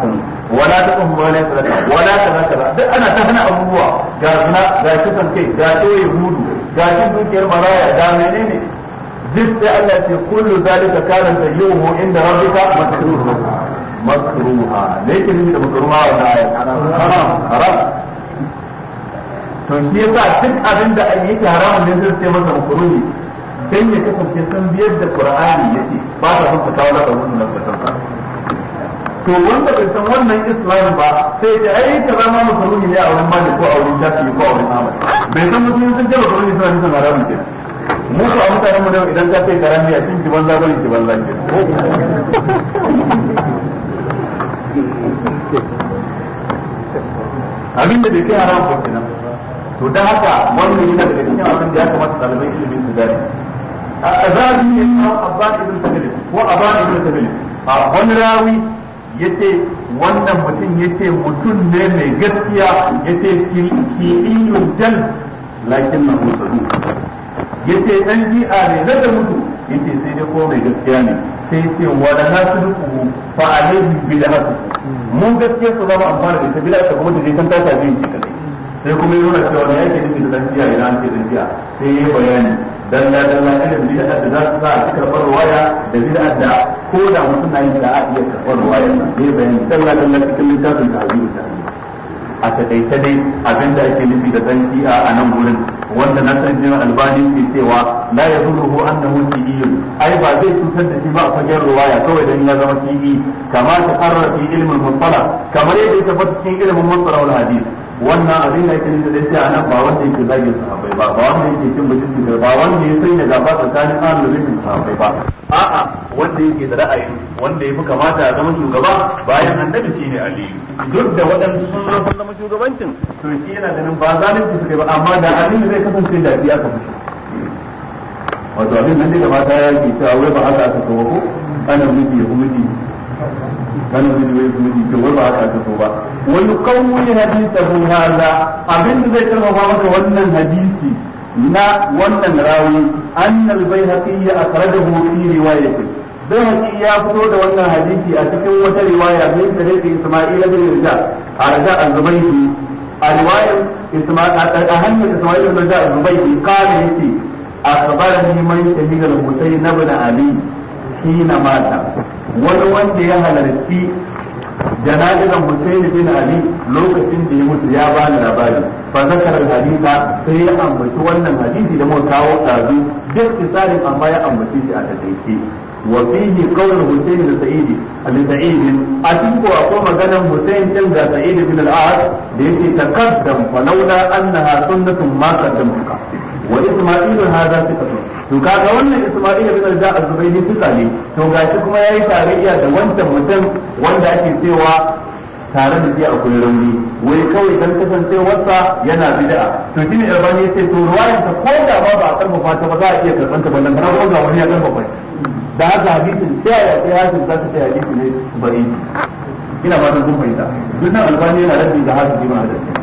hankali wala ta kun ma ne sadaka wala ta kaza duk ana ta hana abubuwa ga zina ga shi kisan kai ga toye hudu ga cin dukiyar maraya ga menene duk sai Allah ce kullu zalika kana tayyuhu inda rabbika makruha makruha ne ke nufi da makruha wannan aya haram haram to shi yasa duk abin da yake haramun ne zai sai masa makruhi dan ya kasance san biyar da Qur'ani yace ba ta son ta kawo da wannan da kansa to wanda bai san wannan islamin ba sai ya ai ta zama musulmi ne a wurin malik ko a wurin shafi ko a wurin amal bai san musulmi sun jaba makaruni suna nufin haramun ke mu ko a mutanen mu da idan ka ce karami a cikin kiban zabari kiban zaki abin da bai kai haram ko kenan to dan haka wannan yana daga cikin abin da ya kamata ɗalibai ilimi su gane a zabi ne a abba ibn tabilin ko abba ibn tabilin a wani rawi yace wannan mutum yace mutum ne mai gaskiya yace shi'iyun jal lakin na mutum yace dan a ne da da mutu yace sai dai ko mai gaskiya ne sai wadana wala nasduhu fa alayhi bid'atu mu gaskiya su zama amfana da ta bid'a kuma da kan ta tabi shi kadai sai kuma yana cewa ne yake nufi da gaskiya ji'a an ce dan ji'a sai yi bayani dan da dan da ilimin da za su sa a cikin waya da bid'a da ko da mutum na yin da a iya karɓar ruwa ya ne bayani saboda Allah cikin littafin da azumi ta a takaice dai abin da ake nufi da dan a nan gurin wanda na san jin albani ke cewa la yadurruhu annahu shi'iyyu ai ba zai cutar da shi ba a fagen ruwaya kawai dan ya zama shi'i kama ta karra fi ilmin mustala kamar yadda ya tabbata cikin ilmin mustala wal hadith wannan abin da yake da shi ana ba wanda yake zagin sahabbai ba ba wanda yake cin mutunci ba wanda ya sanya gaba tsakanin ahlul da sahabbai ba a'a wanda yake da ra'ayi wanda yafi kamata a zama shugaba bayan annabi shine ali duk da waɗansu sun zama shugabancin to shi yana ganin ba zalunci suke ba amma da ali zai kasance da biya ka mutu wato abin nan da mata ya ke cewa wai ba haka aka kawo ko ana miji ya miji kana zai yi zunubi to ba haka ta so ba wa yukawwi hadithahu abin abinda zai karfafa maka wannan hadisi na wannan rawi annal bayhaqi akhrajahu fi riwayati haƙi ya fito da wannan hadisi a cikin wata riwaya min tariqi isma'il bin rijal arja az-zubaydi a riwayar isma'il a hanyar isma'il bin rijal az-zubaydi qala yati akhbarani man shahida al-husayn ibn ali hina mata wani wanda ya halarci jana'izar Hussein bin Ali lokacin da ya mutu ya bani labari fa zakar hadisa sai ya ambaci wannan hadisi da muka kawo tsazu duk isarin amma ya ambaci shi a takaice wa fihi qawl Hussein da Sa'id Ali Sa'id a cikin ko maganar Hussein din da Sa'id bin al da yake takaddam fa laula annaha sunnatun ma qaddamtuka wa Isma'il hadha sifatu to kaga wannan Isma'il bin Zaid az-Zubayri suka ne to gashi kuma yayi tarayya da wancan mutum wanda ake cewa tare da shi akwai rauni wai kawai dan kasancewarsa yana bid'a to shine Albani yace to ruwayar ta ko da ba ba a karfafa ta ba za a iya karban ta ballan ko ga wani ya ba da haka hadisin sai ya sai hadisin za ta sai hadisi ne bari ina ba ta kun fahimta duk nan Albani yana rabbi da hadisi ma da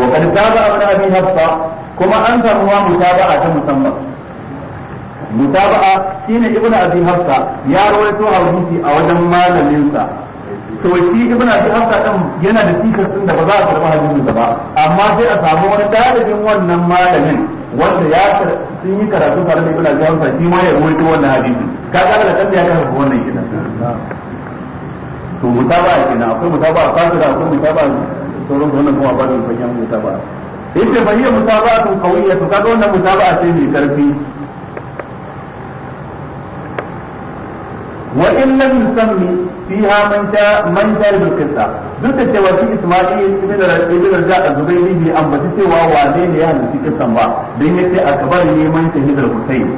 wa qad taba ibn abi hafsa kuma an samu ma mutaba'a ta musamman mutaba'a shine ibn abi hafsa ya rawaito hadisi a wajen malamin sa to shi ibn abi hafsa din yana da tikar din da ba za a karba hadisin ba amma sai a samu wani dalibin wannan malamin wanda ya sun yi karatu tare da ibn abi hafsa shi ma ya rawaito wannan hadisi ga da kan ya ka wannan kidan to mutaba kina akwai mutaba fasira akwai mutaba sauran wannan kuma ba zai fahimta mutaba'a yace fa hiya mutaba'atun qawiyyatun kaga wannan mutaba'a ce mai karfi wa in lam yusammi fiha man ta man ta bil qissa duk da cewa shi Isma'il ibn Rabi'a da Az-Zubayri bi an bace cewa wane ne ya halarci kissan ba dan yace akbar ne man ta hidar Husayn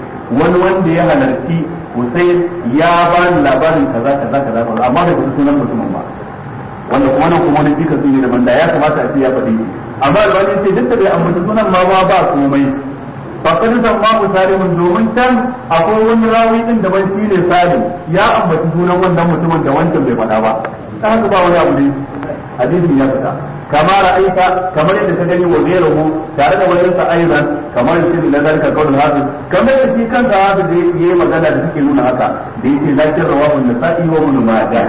wani wanda ya halarci Husayn ya ba labarin kaza kaza kaza amma da sunan mutumin ba wanda kuma nan kuma wani cikas ne daban da ya kamata a ce ya faɗi amma albani ce duk da bai amince sunan ma ba ba komai fakar da ma ku domin can akwai wani rawi din da ban shine salim ya ambaci sunan wannan mutumin da wancan bai faɗa ba ta haka ba wani abu ne hadisin ya fita kama ra'aita kamar yadda ka gani wa ghayruhu tare da wani sa aidan kamar shi da zalika qaulul hafiz kamar yadda shi kansa hafiz yayi magana da suke nuna haka da yake lakin rawahu an-nasa'i wa ibn majah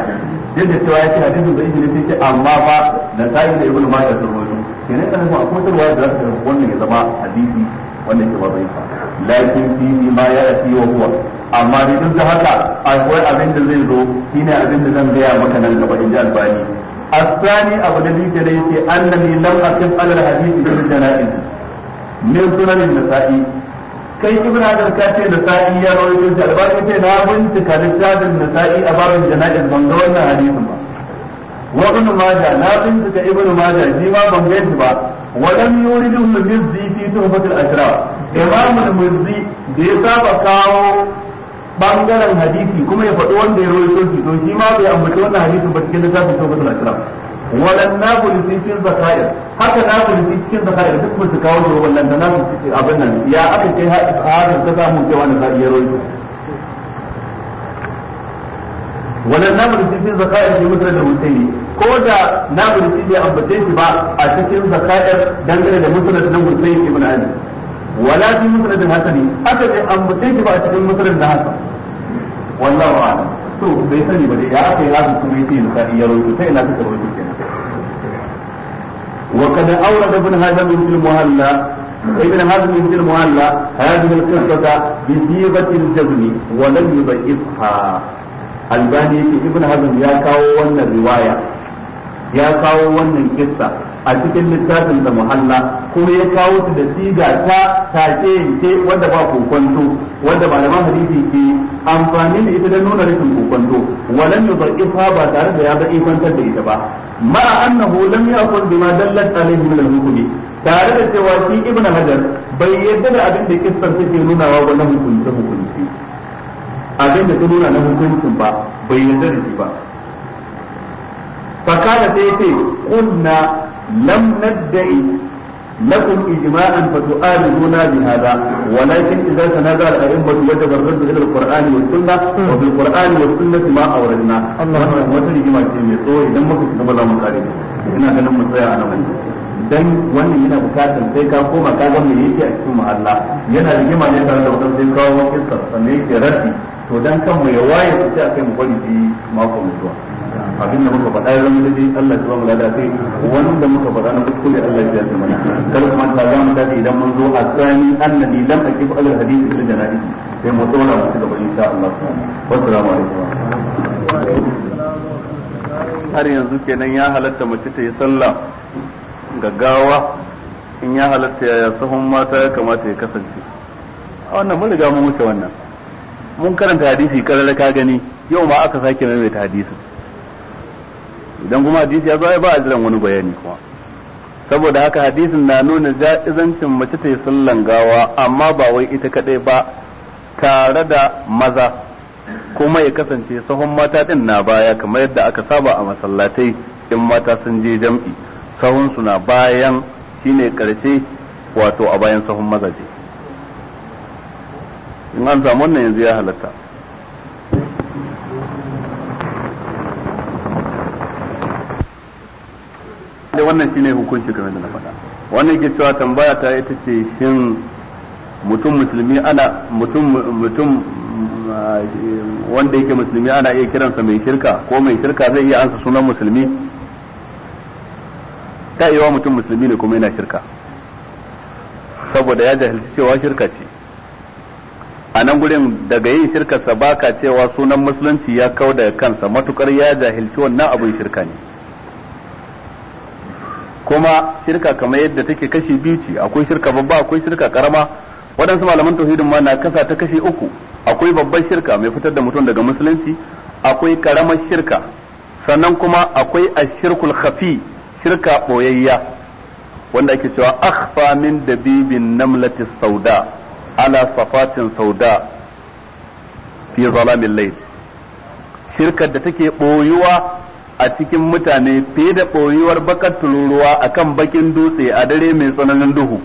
duk da cewa yake hadisin zai ibnu sai ce amma fa da sai da ibnu majah sun rawaito kenan kana ko akwai tarwa da zaka wannan ya zama hadisi wannan ke babai fa lakin fihi ma ya'ti wa huwa amma ni duk da haka akwai abin da zai zo shine abin da zan gaya maka nan gaba in ji albani الثاني أبو الذي yake أنني لم أقف على الحديث في الجنائز من سنن النسائي kai ibn hajar ka ce da sa'i ya rawaito shi albani ce na bincika littafin da sa'i a barin jana'in ban ga wannan hadisin ba wa ibn majah na bincika ibn majah shi ma ban ga shi ba wa lam yuridu al-mizzi fi tuhfat al-ashraf imam al-mizzi da ya saba kawo bangaren hadisi kuma ya faɗi wanda ya rawaito shi to shi ma bai ambaci wannan hadisin ba cikin littafin tuhfat al-ashraf walan nabulisi fil zakair haka nabulisi cikin zakair duk ba su kawo da wallan da nasu abin nan ya aka kai harin ta samu cewa na zai yaro walan nabulisi fil zakair ne mutar da mutane ko da nabulisi bai ambace shi ba a cikin zakair dangane da mutar da mutane ibn ali wala fi mutar a cikin da to bai sani ba dai ya aka yi harin kuma yake yin sa'i yaro to ina suka rawaito وقد أورد ابن هازم في المهلة ابن هازم في المهلة هذه القصة بصيغة الجبن ولم يضيفها الباني في ابن هازم يا كاو ون الرواية يا كاو ون القصة a cikin littafinsa da muhalla kuma ya kawo su da siga ta take ce wanda ba kokonto wanda malaman hadisi ke amfani da ita don nuna rashin kokonto walan yudhaifa ba tare da ya za'ifantar da ita ba ma annahu lam yakun bima dallat alayhi min al tare da cewa shi ibnu hajar bai yadda da abin da kissar take nunawa ba na hukunci hukunci abin da ta nuna na hukuncin ba bai yarda da shi ba fakala sai ce kunna lam nadda'i لكم إجماعا فتؤاخذون بهذا ولكن إذا تنازع الأئمة وجب الرد إلى القرآن والسنة وفي القرآن والسنة ما أوردنا الله وتر إجماع سيمي سوى إذا ما كنت نبلا مقالين إنا كنا مصيع أنا من dan wannan yana bukatar sai ka koma ka ga me yake a cikin allah yana rigima ne tare da wannan sai kawo iskar sannan yake raddi to dan kan mu ya waye su sai akai mu bari mako mutuwa abin da muka faɗa zama da dai Allah ya ba mu lada kai wanda muka faɗa na kuskure Allah ya ji mana kar kuma ta za mu dade idan mun zo a tsani annabi lam akif alal hadisi da janabi sai mu tsora mu gaba insha Allah Wa assalamu alaikum har yanzu kenan ya halatta mace ta yi sallah gaggawa in ya halatta yaya sahun mata ya kamata ya kasance a wannan mun riga mun wuce wannan mun karanta hadisi karar ka gani yau ma aka sake maimaita hadisin idan kuma hadisi ya zo ai ba a jiran wani bayani kuma saboda haka hadisin na nuna ja'izancin mace ta yi sallan gawa amma ba wai ita kadai ba tare da maza kuma ya kasance sahun mata din na baya kamar yadda aka saba a masallatai in mata sun je jam'i sahun su na bayan shine karshe wato a bayan sahun mazaje in an samu wannan yanzu ya halatta da wannan shine hukunci kamar da na faɗa wannan ke cewa tambaya ta ita ce shin mutum musulmi ana mutum mutum ah, wanda yake musulmi ana iya kiransa mai shirka ko mai shirka zai iya ansa sunan musulmi ta iya mutum musulmi ne kuma yana shirka saboda ya jahilci cewa shirka ce a nan gurin daga yin shirkarsa baka cewa sunan musulunci ya kau da kansa matukar ya jahilci wannan abin shirka ne zama shirka kamar yadda take kashi biyu ce akwai shirka babba akwai shirka karama waɗansu malaman tauhidin ma na kasa ta kashi uku akwai babbar shirka mai fitar da mutum daga musulunci akwai karamar shirka sannan kuma akwai ashirkul khafi shirka boyayya wanda ake cewa akhfa min dabibin namlatis sauda ala safatin sauda fi zalamin layl shirkar da take boyuwa a cikin mutane fiye da ɓoyuwar bakar tururuwa a kan bakin dutse a dare mai tsananin duhu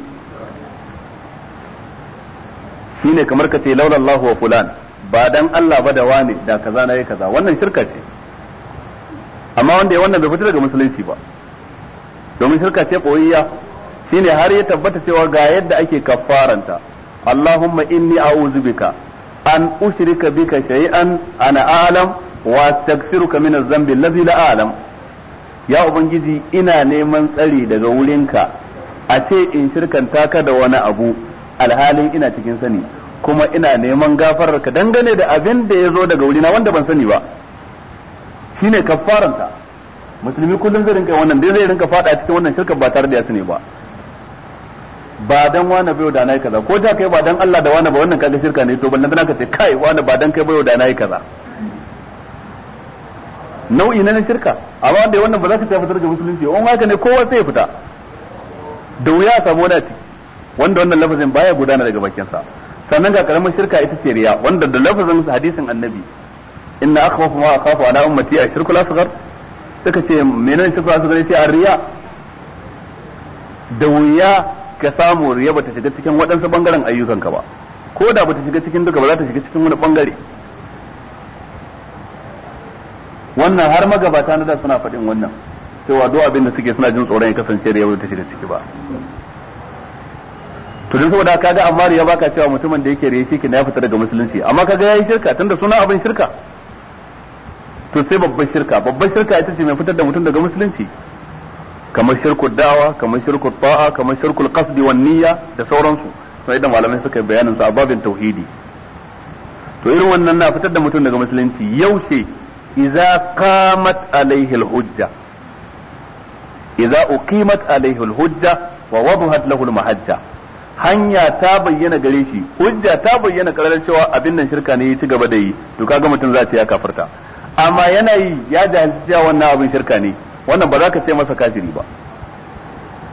shi ne kamar ka ce laulallahu wa fulan ba dan Allah ba da wane da kaza na yi kaza wannan shirka ce amma wanda ya wannan bai fita daga musulunci ba domin shirka ce shi ne har ya tabbata cewa ga yadda ake kafaranta Allahumma inni a'udhu bika an ushrika bika shay'an ana a'lam wa tagfiruka min az-zambi allazi la a'lam ya ubangiji ina neman tsari daga wurinka a ce in shirkanta ka da wani abu alhalin ina cikin sani kuma ina neman gafararka dangane da abin da ya zo daga wurina wanda ban sani ba shine kaffaranta musulmi kullum zai rinka wannan dai zai rinka fada cikin wannan shirka ba tare da ya sani ba ba dan wani bayo da nayi kaza ko da kai ba dan Allah da wani ba wannan kaga shirka ne to ballan dan ka ce kai wani ba dan kai bayo da nayi kaza nau'i na shirka amma wanda wannan ba za ka ta fitar da musulunci on haka ne kowa sai ya fita da wuya a samu wadaci wanda wannan lafazin baya gudana daga bakinsa sannan ga karamin shirka ita ce riya wanda da lafazin hadisin annabi inna akhwafu ma akhafu ala ummati ashirku asghar suka ce menene shirku asghar ce riya da wuya ka samu riya ba ta shiga cikin waɗansu bangaren ayyukanka ba ko da ta shiga cikin duka ba za ta shiga cikin wani bangare wannan har magabata na da suna faɗin wannan cewa duk abin da suke suna jin tsoron ya kasance da yau ta da ciki ba to dan saboda ga amma ya baka cewa mutumin da yake riya shirki na fita daga musulunci amma kaga yayi shirka tunda suna abin shirka to sai babban shirka babban shirka ita ce mai fitar da mutum daga musulunci kamar shirkul Dawa kamar shirkul ta'a kamar shirkul qasdi wan niyya da sauransu sai idan malamai suka bayanin su a babin tauhidi to irin wannan na fitar da mutum daga musulunci yaushe idza qamat alaihi alhujja idza uqimat alaihi alhujja wa wadahat hanya ta bayyana gare shi hujja ta bayyana kararar cewa abin nan shirka ne ya ci gaba da yi to kaga mutum za ce ya kafarta amma yana yi ya jahilci cewa wannan abin shirka ne wannan ba za ka ce masa kafiri ba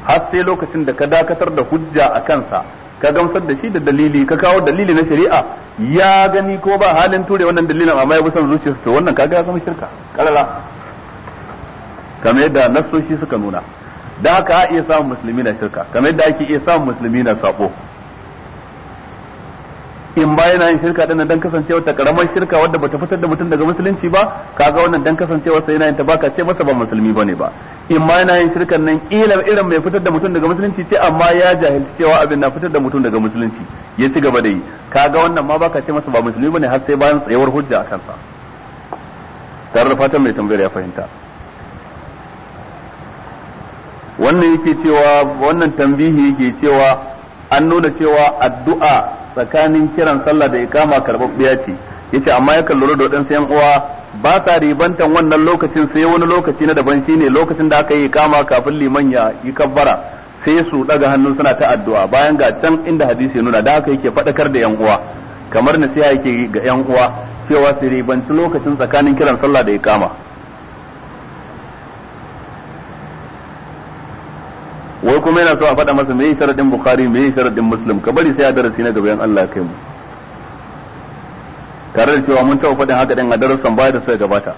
har sai lokacin da ka dakatar da hujja a kansa ka gamsar da shi da dalili ka kawo dalili na shari'a ya gani ko ba halin ture wannan dalilin amma ya bi son zuciyarsa to wannan kaga ya zama shirka kalala kamar yadda nassoshi suka nuna da haka a iya samun musulmi na shirka kamar yadda ake iya samun musulmi na sabo in ba yana yin shirka dinnan dan kasancewa ta karamar shirka wadda bata fitar da mutum daga musulunci ba kaga wannan dan kasancewa sai yana yin ta ka ce masa ba musulmi bane ba in ma yana yin shirkan nan kila irin mai fitar da mutum daga musulunci ce amma ya jahilci cewa abin na fitar da mutum daga musulunci ya ci gaba da yi kaga wannan ma baka ce masa ba musulmi bane har sai bayan tsayawar hujja akan sa tare da fatan mai tambayar ya fahimta wannan yake cewa wannan tambihi yake cewa an nuna cewa addu'a tsakanin kiran sallah da ikama karbabbiya ce yace amma ya lura da waɗansu yan uwa ba sa ribantan wannan lokacin sai wani lokaci na daban shine lokacin da aka yi ikama kafin liman ya yi kabbara sai su daga hannun suna ta addu'a bayan ga can inda hadisi nuna da haka yake faɗakar da yan uwa kamar nasiha yake ga yan uwa cewa su ribanci lokacin tsakanin kiran sallah da ikama wai kuma yana so a faɗa masa mai sharaɗin bukhari mai sharaɗin muslim ka bari sai a darasi na gaban Allah kai mu tare da cewa mun taɓa faɗin haka ɗin a darasan baya da suka gabata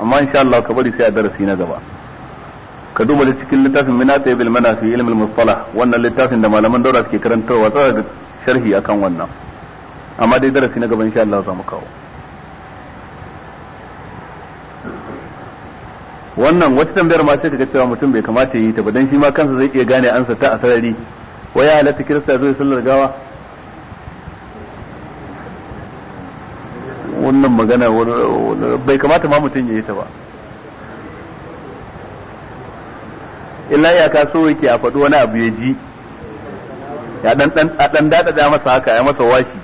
amma insha Allah ka bari sai a darasi na gaba ka duba da cikin littafin minata bil fi ilmul mustalah wannan littafin da malaman daura suke karantarwa tsara da sharhi akan wannan amma dai darasi na gaba insha Allah za mu kawo wannan wata tambayar ma sai kaga cewa mutum bai kamata yi ta ba dan shi ma kansa zai iya gane ansa ta a sarari wai ya halatta kirista zai sallar gawa wannan magana bai kamata ma mutum ya yi ta ba illa ka so yake a faɗi wani abu ya ji ya dan daɗaɗa masa haka ya masa washi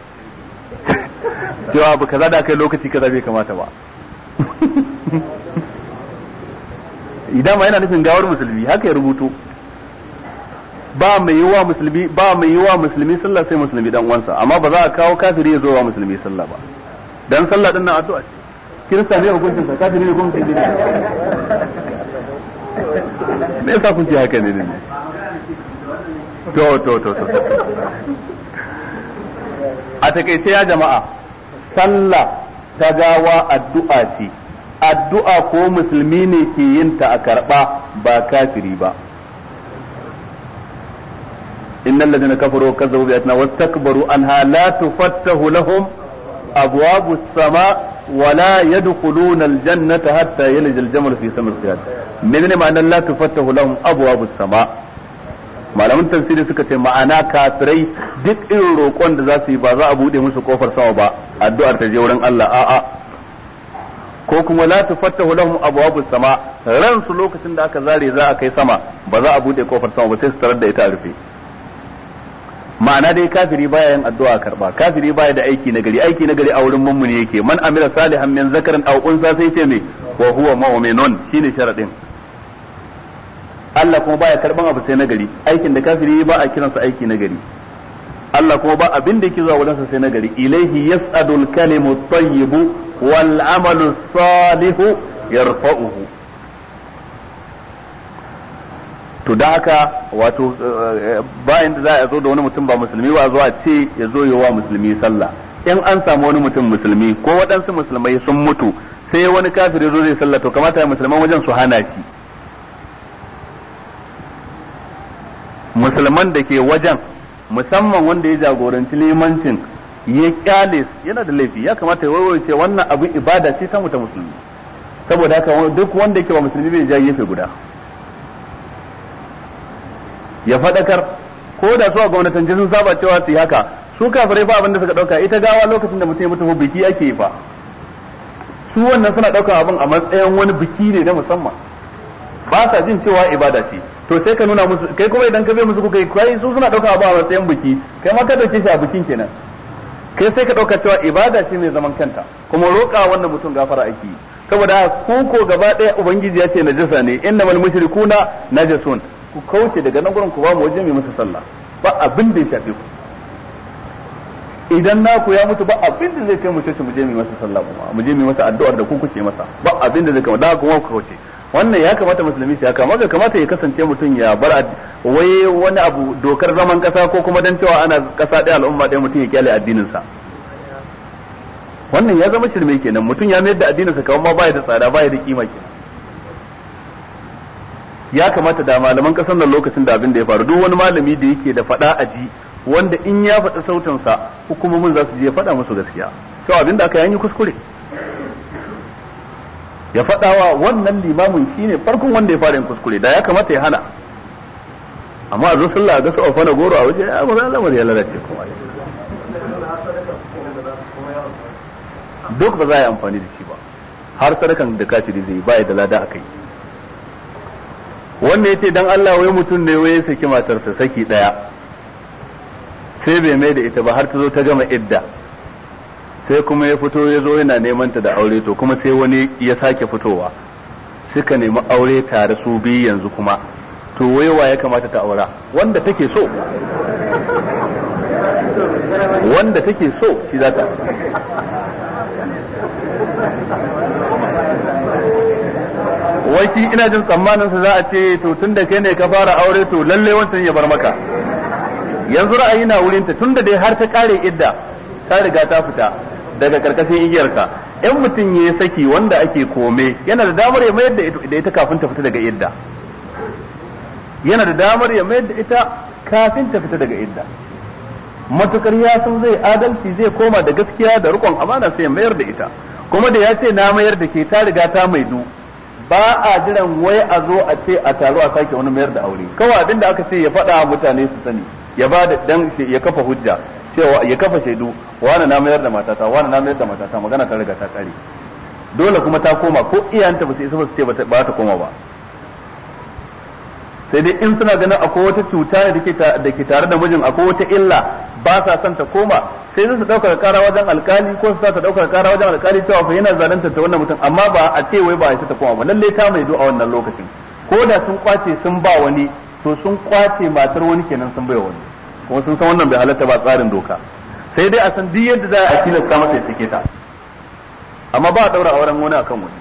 cewa ba kaza da kai lokaci kaza bai kamata ba idan ma yana nufin gawar musulmi haka ya rubuto ba mai yiwa musulmi ba mai yiwa musulmi sallah sai musulmi dan uwansa amma ba za a kawo kafiri ya zo wa musulmi sallah ba dan sallah din nan addu'a ce kirista ne hukuncin sa kafiri ne hukuncin ne me yasa kun ce haka ne ne to to to to a takaice ya jama'a sallah ta gawa addu'a ce addu'a ko musulmi ne ke yin ta a karɓa ba kafiri ba innal ladina kafaru kazzabu bi ayatina wastakbaru anha la tufattahu lahum abwabu sama wa la yadkhuluna jannata hatta yalija aljamal fi samil qiyad menene ma'anar la tufattahu lahum abwabu sama malaman tafsiri suka ce ma'ana kafirai duk irin roƙon da za su yi ba za a bude musu kofar sama ba addu'ar ta je wurin Allah a'a ko kuma la tufattahu lahum abwabus sama ran su lokacin da aka zare za a kai sama ba za a bude kofar sama ba sai su tarar da ita a rufe ma'ana dai kafiri baya yin addu'a karba kafiri baya da aiki na gari aiki na gari a wurin mummuni yake man Amira, salihan min zakarin aw unsa sai ce me wa huwa mu'minun shine sharadin Allah kuma baya karban abu sai na gari aikin da kafiri ba a kiransa aiki na gari Allah kuma ba abin da yake zuwa wurinsa sai na gari ilaihi yas'adul kalimut tayyibu wal amalu salihu yarfa'uhu to da haka wato eh, bayan da za a zo da wani mutum ba musulmi ba zuwa ce ya zo yi wa musulmi sallah in an samu wani mutum musulmi ko waɗansu musulmai sun mutu sai wani kafir ya zo zai sallah to kamata ya musulman wajen su hana shi musulman da ke wajen musamman wanda ya jagoranci limancin ya kyale yana da laifi ya kamata ya warware ce wannan abin ibada ce samu ta musulmi saboda haka duk wanda yake wa musulmi bai ja gefe guda ya fadakar ko da su a gwamnatin sun saba cewa su yi haka su kafirai fa abin da suka ɗauka ita gawa lokacin da mutum ya mutu ko biki ake yi fa su wannan suna ɗauka abin a matsayin wani biki ne na musamman ba sa jin cewa ibada ce to sai ka nuna musu kai kuma idan ka bai musu kuka yi kai su suna ɗauka abin a matsayin biki kai ma ka ɗauke shi a bikin kenan kai sai ka ɗauka cewa ibada shi ne zaman kanta kuma roƙa wannan mutum gafara ake yi saboda ku ko gaba ɗaya ubangiji ya ce jisa ne innamal na najasun ku kauce daga nan gurin ku ba mu waje mai masa sallah ba abin da ya shafe ku idan naku ya mutu ba abin da zai kai mu ce mu je mu masa sallah kuma mu je mu masa addu'ar da ku kuke masa ba abin da zai kai da kuma ku kauce wannan ya kamata musulmi su ya kama kamata ya kasance mutum ya bar wai wani abu dokar zaman kasa ko kuma dan cewa ana kasa ɗaya al'umma ɗaya mutum ya kyale addinin sa wannan ya zama shirme kenan mutum ya mayar da addinin sa kawai ma baya da tsada baya da kima kenan ya kamata da malaman kasar nan lokacin da abin da ya faru duk wani malami da yake da faɗa a ji wanda in ya faɗi sautinsa hukumomin za su je faɗa musu gaskiya sau abin da aka yi kuskure ya faɗawa wannan limamin ne farkon wanda ya fara yin kuskure da ya kamata ya hana amma a zo ga su ofana goro a waje ya ba za lamar ya lalace kuma duk ba za a yi amfani da shi ba har sadakan da kafiri zai ba da lada a kai wanda ya ce dan Allah wai mutum ne wai ya saki matarsa saki ɗaya. sai bai mai da ita ba har ta zo ta gama idda sai kuma ya fito ya zo yana neman ta da aure to kuma sai wani ya sake fitowa suka nemi aure tare su biyu yanzu kuma to waiwa ya kamata ta aura wanda take so wanda take so shi za ta wai shi ina jin tsammanin sa za a ce to tun da kai ne ka fara aure to lalle wancan ya bar maka yanzu ra'ayi na wurin ta tunda dai har ta kare idda ta riga ta fita daga karkashin igiyarka in mutum ya saki wanda ake kome yana da damar ya mayar da ita kafin ta fita daga idda yana da damar ya mayar da ita kafin ta fita daga idda matukar ya san zai adalci zai koma da gaskiya da rikon amana sai ya mayar da ita kuma da ya ce na mayar da ke ta riga ta maidu ba a jiran wai a zo a ce a taro a sake wani mayar da aure kawai abinda aka ce ya faɗa mutane su sani ya ba da dan ya kafa hujja cewa ya kafa shaidu wani na mayar da matata wani na mayar da matata magana ta riga ta kare dole kuma ta koma ko iyayenta ba su isa ba su ce ba ta koma ba sai dai in suna ganin akwai wata cuta ne da ke tare da mijin akwai wata illa ba sa son ta koma sai su daukar kara wajen alkali ko su ta daukar kara wajen alkali cewa fa yana zalunta ta wannan mutum amma ba a ce wai ba a ta koma ba lalle ta mai a wannan lokacin ko da sun kwace sun ba wani to sun kwace matar wani kenan sun bai wani kuma sun san wannan bai halatta ba tsarin doka sai dai a san duk yadda za a tilasta masa ya ta amma ba a daura auren wani akan wani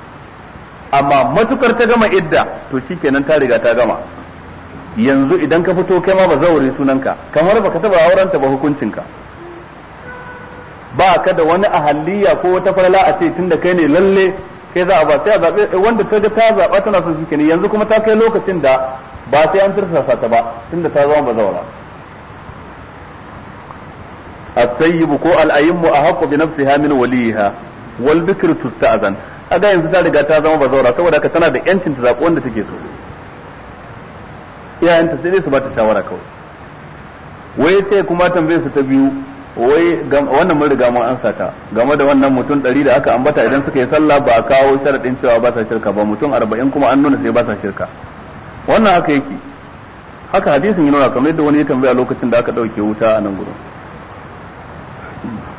amma matukar ta gama idda to shikenan ta riga ta gama yanzu idan ka fito kai ma ba zaure sunanka kamar baka taba aurenta ba hukuncinka ba ka da wani ahaliya ko wata farla a ce tunda kai ne lalle kai za a ba sai a zaɓe wanda ta ga ta zaɓa tana son shikenan yanzu kuma ta kai lokacin da ba sai an tursasa ta ba tunda ta zama ba zaura at كو ko احق بنفسها من bi nafsiha تستاذن waliha wal bikru tusta'zan aga yanzu ta riga ta zama bazawara saboda haka tana da yancin ta zaɓi wanda take so iyayenta sai dai su ba ta shawara kawai wai sai kuma tambaye su ta biyu wai wannan mun riga mun ansa ta game da wannan mutum ɗari da aka ambata idan suka yi sallah ba a kawo sharadin cewa ba sa shirka ba mutum arba'in kuma an nuna sai ba sa shirka wannan haka yake haka hadisin ya nuna kamar yadda wani ya tambaya lokacin da aka ɗauke wuta a nan gurin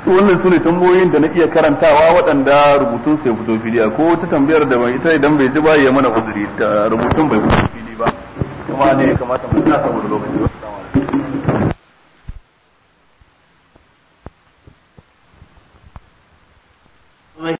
wannan sune tambayoyin da na iya karantawa waɗanda rubutun sai fito fili ko ta tambayar da ban ita idan bai ji ba ya mana uzuri da rubutun bai fito fili ba kuma ne kamata mu saboda lokaci